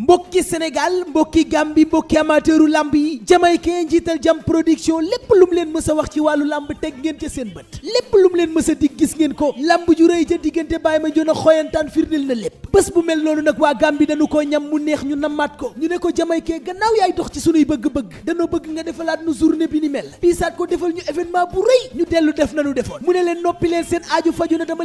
mbokki Sénégal mbokki Gambie mbokki amateuru lamb yi jamaykee njiital jam production lépp lum leen mës a wax ci wàllu lamb teg ngeen ca seen bët lépp lum leen mës a dig gis ngeen ko lamb ju rëy ca diggante bàyyi ma joon a xooyantaan firndil lépp bés bu mel noonu nag waa Gambie dañu koo ñam mu neex ñu namaat ko ñu ne ko jamaykee gannaaw yaay dox ci sunuy bëgg-bëgg danoo bëgg nga defalaat nu journée bi ni mel piisaat ko defal ñu événement bu rëy ñu dellu def nanu defoon mu ne leen noppi leen seen aaju faju na dama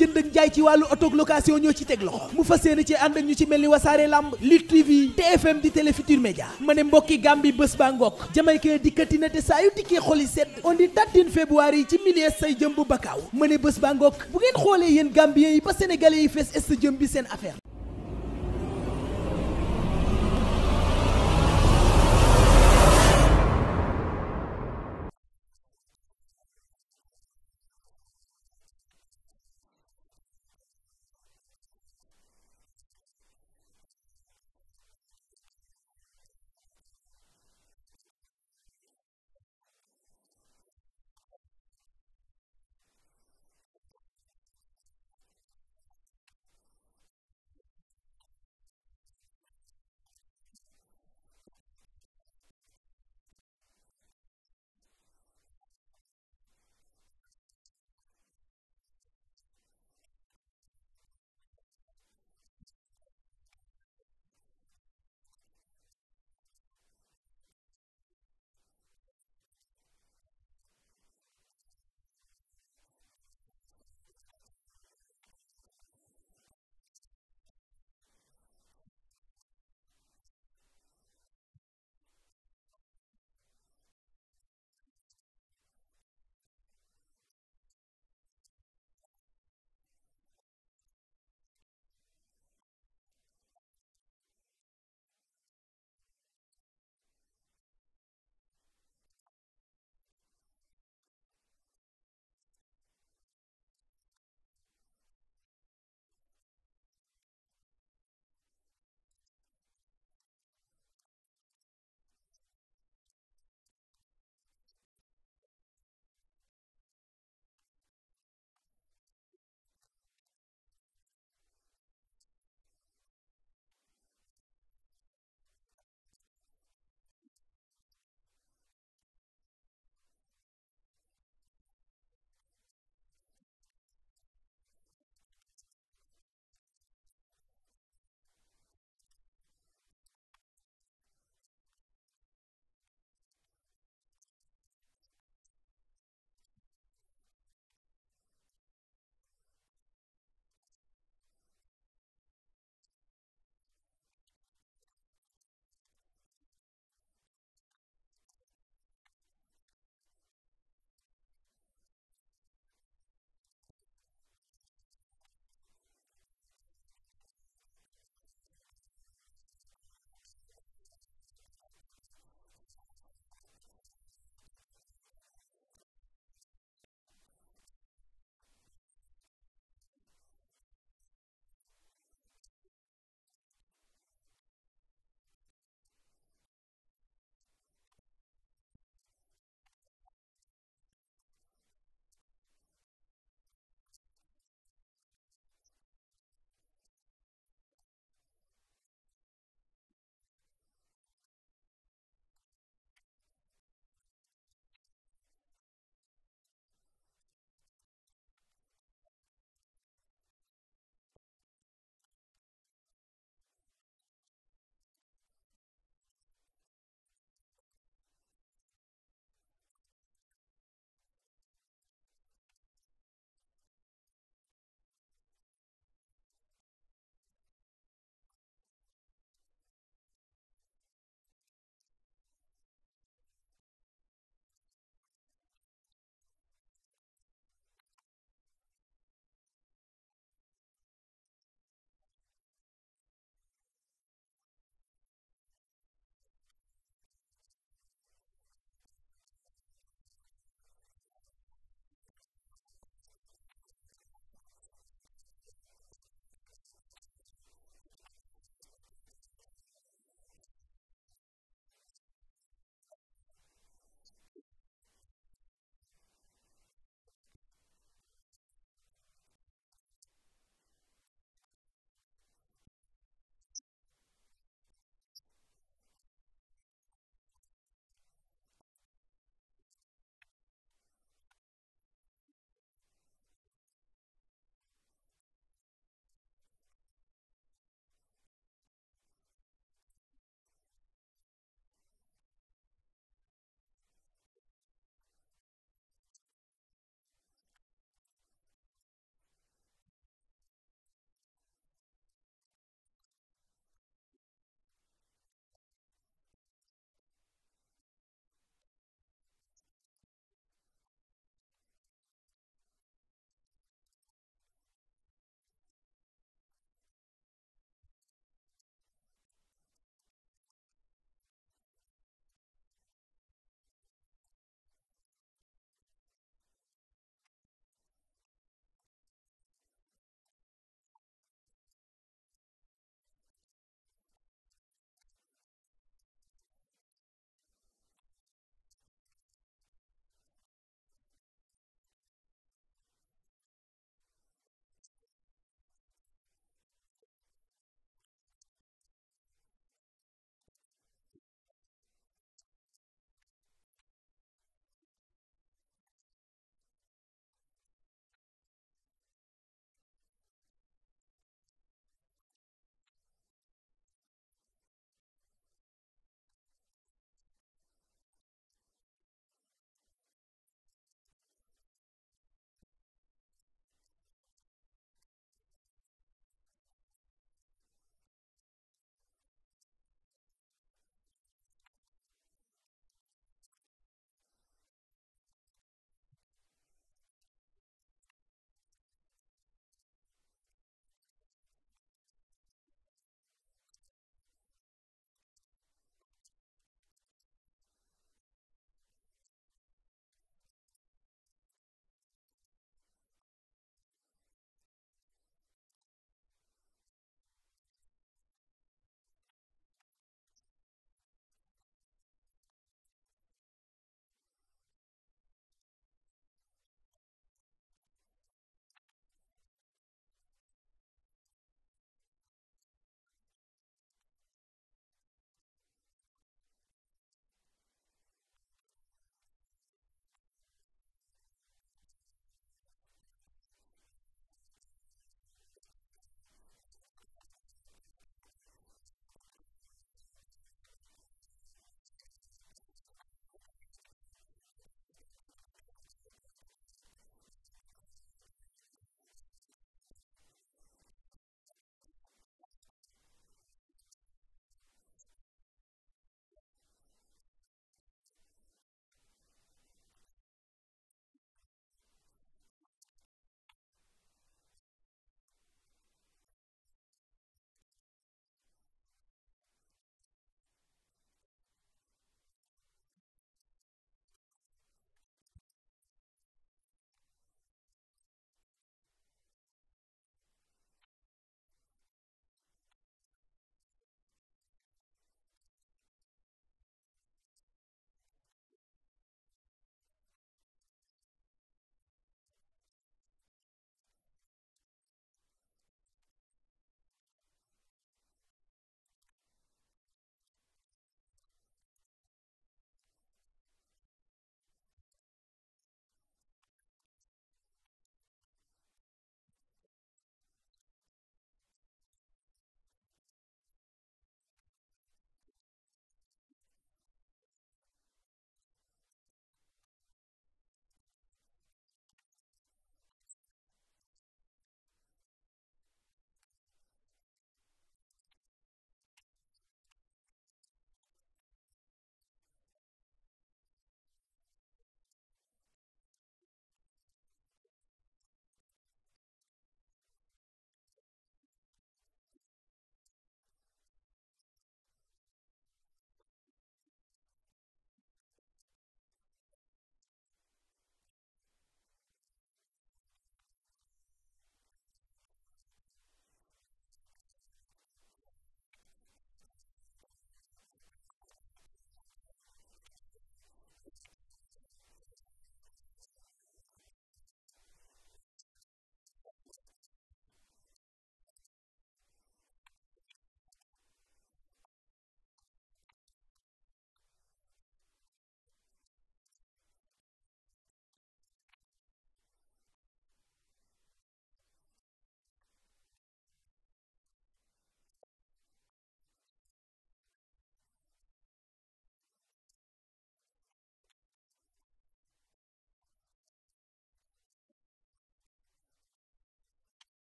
jënd ak jaay ci wàllu auto location ñoo ci teg loxo mu fas yéene ci ànd ñu ci mel ni wasaare lamb Lutte TV TFM di Télé Futurs ma ne mbokki Gambie bés ba ngokk jamaykee dikkati na te saa yu dikkee xoli sedd on dit date février yi ci miliers say jëm bu bakkaaw ma ne bés ba ngokk bu ngeen xoolee yéen Gambiens yi ba Sénégalais yi fees est jëm bi seen affaire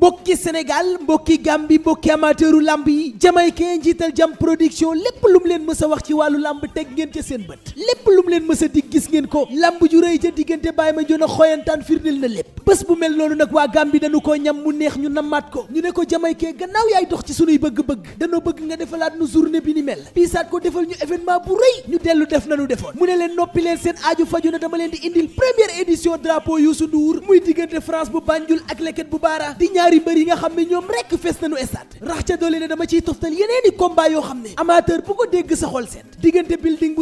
mbokki Sénégal mbokki Gambie mbokki amateuru lamb yi jamaykee njiital jam production lépp lu mu leen mës a wax ci wàllu lamb teg ngeen ca seen bët lépp lu mu leen mës a dig gis ngeen ko lamb ju rëy ca diggante Baye Mandione xoyantaan firndeel na lépp bés bu mel noonu nag waa Gambie dañu ko ñam mu neex ñu namaat ko ñu ne ko jamaykee gannaaw yaay dox ci sunuy bëgg-bëgg danoo bëgg nga defalaat nu journée bi ni mel piisaat ko defal ñu événement bu rëy ñu dellu def nanu defoon mu ne leen noppi leen seen aaju faju na dama leen di indil ñaari mbër yi nga xam ne ñoom rekk fees nañu stade rax ca doole ne dama ciy toftal yeneeni combat yoo xam ne amateur bu ko dégg sa xol seet diggante building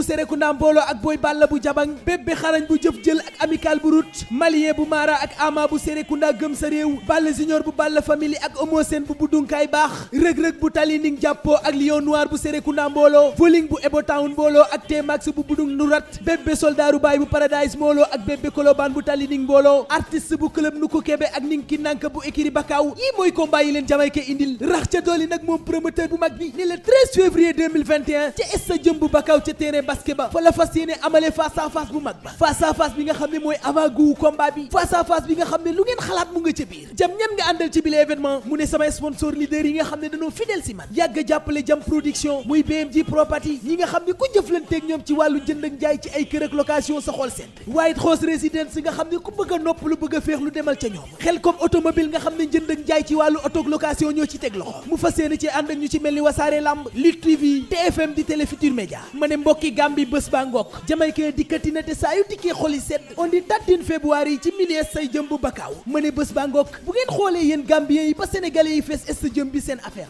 sa réew Balla junior bu Balla family ak Homo Sène bu buddunkaay baax rëg-rëg bu tali ning jàppoo ak lion noir bu Serekunda mbooloo voling bu Ebo mbooloo ak T-Max bu budung nurat bébbe soldaru baay bu paradise mbooloo ak bébbe kolobaan bu tali ning mbooloo artiste bu club nu kebe ak ning nank bu ékiri baka gaaw mooy combat yi leen jamaykee indil rax ca dooli nag moom promoteur bu mag bi ni le février ca es sa jëmb bakaw ca terrain basket fa la fas yéene amalee face à bu mag ba face à bi nga xam ne mooy avant combat bi face à bi nga xam ne lu ngeen xalaat mu nga ca biir jam ñan nga àndal ci bile événement mu ne samay sponsor leader yi nga xam ne dañoo fidèle si man yàgg jàppale jam production muy BMG property yi nga xam ne ku jëflanteeg ñoom ci jënd ak jaay ci wàllu auto location ñoo ci teg loxo mu fas yéene ci ànd ak ñu ci mel ni wasaare lamb Lutte TV fm di Télé Futurs Médias ma ne mbokki Gambie bés ba ngokk jamaykee dikkati na te saa yu dikkee xol yi set on di tattin février yi ci milier say jëm bu bakkaaw ma ne bés ba ngokk bu ngeen xoolee yéen Gambien yi ba Sénégalais yi fees est jëm bi seen affaire